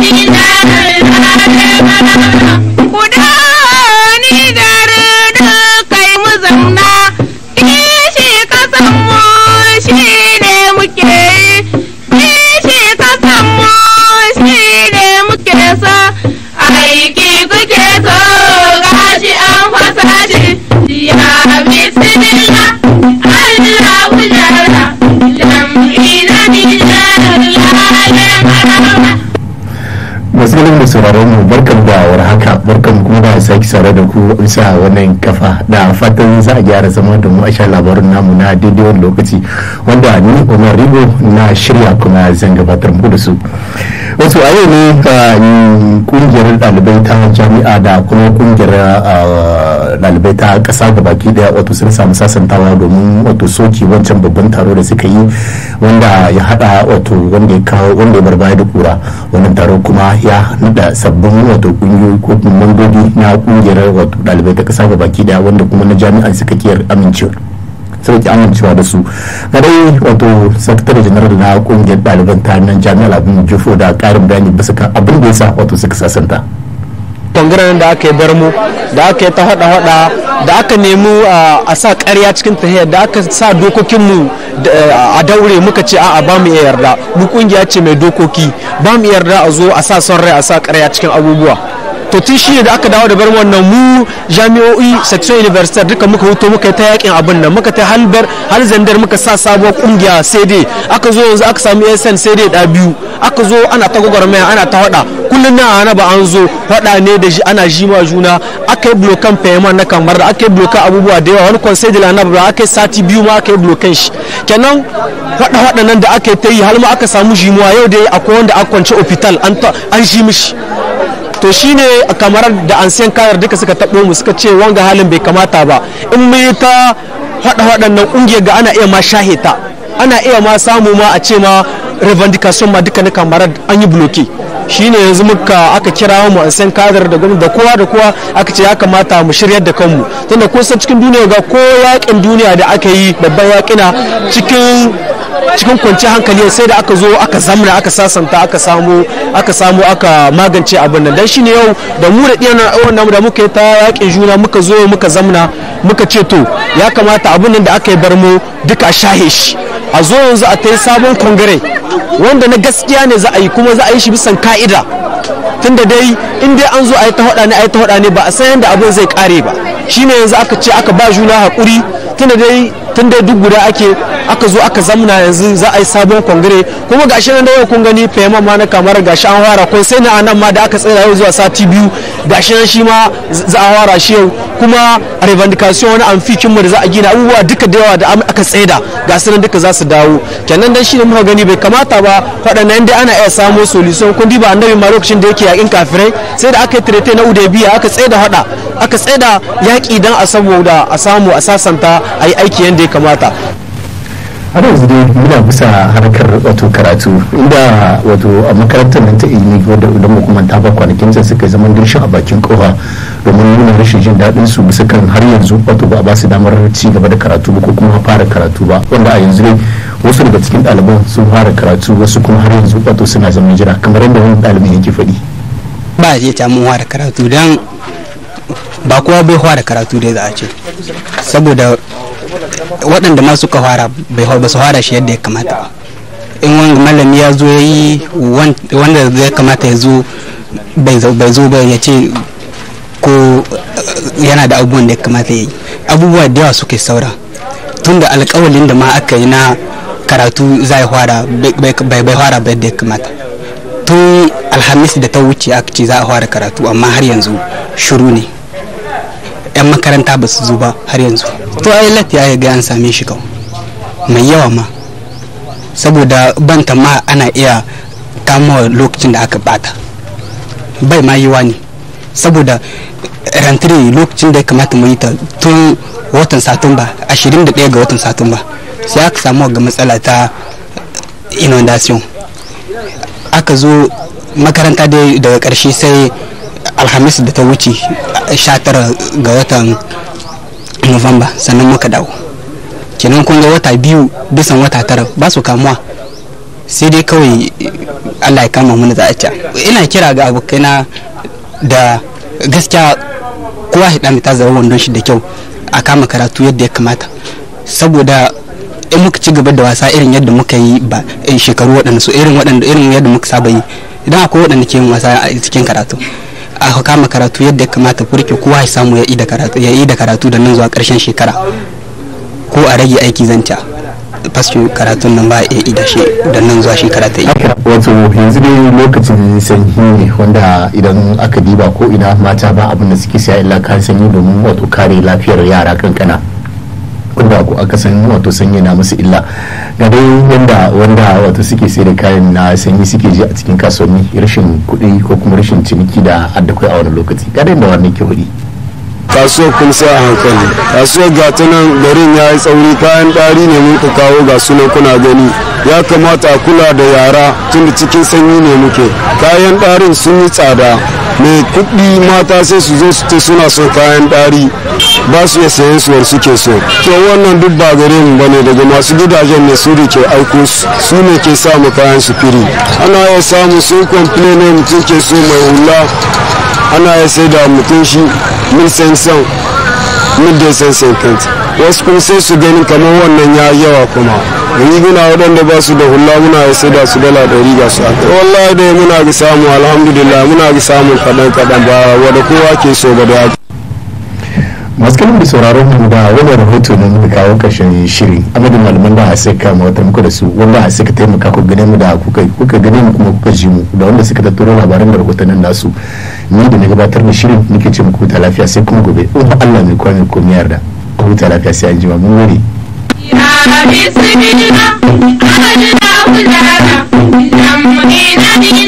Thank you. matsalin da sauraron mu barkan da war haka barkan kuma da sake sare da ku bisa wannan kafa da fatan za a gyara zama da mu a sha labarin namu na daidai wani lokaci wanda ni Umar Rigo na shirya kuma zan gabatar muku da su wasu a yau ne kungiyar dalibai ta jami'a da kuma kungiyar dalibai ta kasa da baki daya wato sun samu sasantawa domin wato soki wancan babban taro da suka yi wanda ya hada wato wanda ya kawo wanda ya bar baya da kura wannan taro kuma ya nada sabbin wato kungiyoyi ko kuma mambobi na kungiyar wato dalibai ta kasa da baki daya wanda kuma na jami'a suka kiyar amincewa sai ki amincewa da su ga dai wato sakatare general na kungiyar ɗaliban ta nan jami'ar abin jufo da karin bayani bisa kan abin da yasa wato suka sasanta bangaren da aka yi bar mu da aka yi ta hada hada da aka nemi a sa karya cikin tahiyar da aka sa dokokin mu a daure muka ce a'a ba mu iya yarda mu kungiya ce mai dokoki ba mu yarda a zo a sa son rai a sa karya cikin abubuwa to tun shi da aka dawo da bar wannan mu jami'o'i section university duka muka huto muka ta yakin abin nan muka ta halbar har zandar muka sa sabuwar kungiya sai dai aka zo yanzu aka samu ASN sai dai da biyu aka zo ana ta gwagwarmaya ana ta hada kullun na ana ba an zo hada ne da ana ma juna aka yi blokan payment na kamar da aka yi blokan abubuwa da yawa wani conseil da la ba aka yi sati biyu ma aka yi blokan shi kenan hada hada nan da aka yi ta yi har ma aka samu jimuwa yau dai akwai wanda aka kwance hospital an ji mishi to shine kamar da an ansiyan kayar duka suka taɓo mu suka ce wanga halin bai kamata ba in mun yi ta hada waɗannan ƙungiyar ga ana iya ma ta ana iya ma samu ma a ce ma revendication ma duka na kamar an yi bloke shine yanzu muka aka kira mu an san kadar da gwamnati da kowa da kowa aka ce ya kamata mu shiryar da kanmu tunda ko cikin duniya ga ko yakin duniya da aka yi babban yakina cikin cikin kwanciyar hankali sai da aka zo aka zamna aka sasanta aka samu aka samu aka magance abin nan dan shine yau da mu da diyan wannan da muka yi ta yakin juna muka zo muka zamna muka ce to ya kamata abin nan da aka yi bar mu duka shahe shi a zo yanzu a ta yi sabon kongare wanda na gaskiya ne za a yi kuma za a yi shi bisan ka'ida tunda dai in dai an zo a yi ta hada ne a yi ta ne ba a san yadda abin zai kare ba shine yanzu aka ce aka ba juna haƙuri tunda dai tun da duk guda ake aka zo aka zamna yanzu za a yi sabon kongire kuma gashi nan da yau kun gani fahimman ma na kamar gashi an fara ko sai na anan ma da aka tsira yau zuwa sati biyu gashi nan shi ma za a fara shi yau kuma a revendication wani amfikin mu da za a gina abubuwa duka da yawa da aka tsaida ga su nan duka za su dawo kenan dan shi ne muka gani bai kamata ba faɗan dai ana iya samo solution kun diba annabi ma lokacin da yake yakin kafirai sai da aka yi tirete na udebiya aka tsaida haɗa aka tsaida yaƙi dan a saboda a samu a sasanta a yi aiki yanda ya kamata har yanzu dai muna bisa harkar wato karatu inda wato a makarantar nan ta ilimi wadda idan hukumanta ba kwanakin sai suka zama dirshin a bakin kofa domin nuna rashin jin daɗin su bisa kan har yanzu wato ba a ba su damar ci gaba da karatu ba ko kuma fara karatu ba wanda a yanzu dai wasu daga cikin ɗaliban sun fara karatu wasu kuma har yanzu wato suna zaman jira kamar yadda wani ɗalibin yake faɗi. ba zai ta mun fara karatu dan ba kowa bai fara karatu dai za a ce saboda waɗanda ma suka fara bai ba su fara shi yadda ya kamata ba in wani malami ya zo ya yi wanda ya kamata ya zo bai zo ba ya ce ko eh, yana da abubuwan da ya kamata ya yi abubuwa da yawa suke saura tun da alkawalin da ma aka yi na karatu zai fara bai bai fara bai da kamata tun alhamis da ta wuce aka ce za a fara karatu amma har yanzu shuru ne yan makaranta ba su zo ba har yanzu to ai lafiya ya ga an same shi kawai mai yawa ma saboda banta ma ana iya kama lokacin da aka bata bai ma yiwa ne saboda rantare lokacin da ya kamata mu yi ta tun watan satumba 21 ga watan satumba sai aka samu ga matsala ta inundation aka zo makaranta dai daga karshe sai alhamis da ta wuce 19 ga watan november sannan muka dawo kenan kun ga wata biyu bisan wata tara ba su kamuwa sai dai kawai allah ya kama mana za ina kira ga abokaina da gaskiya kowa shi ɗan ta zama wandon shi da kyau a kama karatu yadda ya kamata saboda in muka ci gaba da wasa irin yadda muka yi ba eh, shekaru waɗanda su irin waɗanda irin yadda muka saba yi idan akwai waɗanda ke yin wasa a cikin karatu aka kama karatu yadda ya kamata rike kowa ya samu ya yi karatu ya karatu da nan zuwa karshen shekara ko a rage aiki zanta fasfin karatun nan ba ya da shi da nan zuwa shekara ta yi wato yanzu dai lokacin sanyi ne wanda idan aka diba ko ina mata ba abin da suke siya illa kan sanyi domin wato kare lafiyar yara kankana ko aka san wato sanyi na musu illa ga dai yanda wanda wato suke sai da kayan na sanyi suke ji a cikin kasuwanni rashin kuɗi ko kuma rashin ciniki da addakwai a wani lokaci ga da wannan ke hudi kasuwar kun sa a hankali kasuwar ga ta nan garin ya yi tsauri kayan dari ne mun ka kawo ga sunan kuna gani ya kamata a kula da yara tun da cikin sanyi ne muke kayan ɗarin sun yi tsada mai kuɗi mata sai su zo su ce suna son kayan ɗari ba su iya sayan suwar suke so to wannan duk ba gare mu bane daga masu gidajen ne su rike aiko su ne ke samu kayan su firi ana iya samu sun complain ne mutum ke so mai hula ana iya sai da mutum shi mil sansan mil da sansan kent wasu kuma sai su ganin kamar wannan ya yawa kuma riguna waɗanda ba su da hula muna ya sai da su dala ɗari ga su aka wallahi dai muna ga samu alhamdulillah muna ga samun kaɗan kaɗan ba wadda kowa ke so ba da masu kalin da sauraron mu da wani rahoto na da kawo karshen shirin amadin malaman da sai ka mawatar muku da su wanda a ka taimaka ku gane mu da kuka kuka gane mu kuma kuka ji mu da wanda suka tattaro labaran da rahotannin nasu ni da na gabatar da shirin nake ce muku ta lafiya sai kuma gobe in Allah mai kwami ko miyar da ku ta lafiya sai an mun gode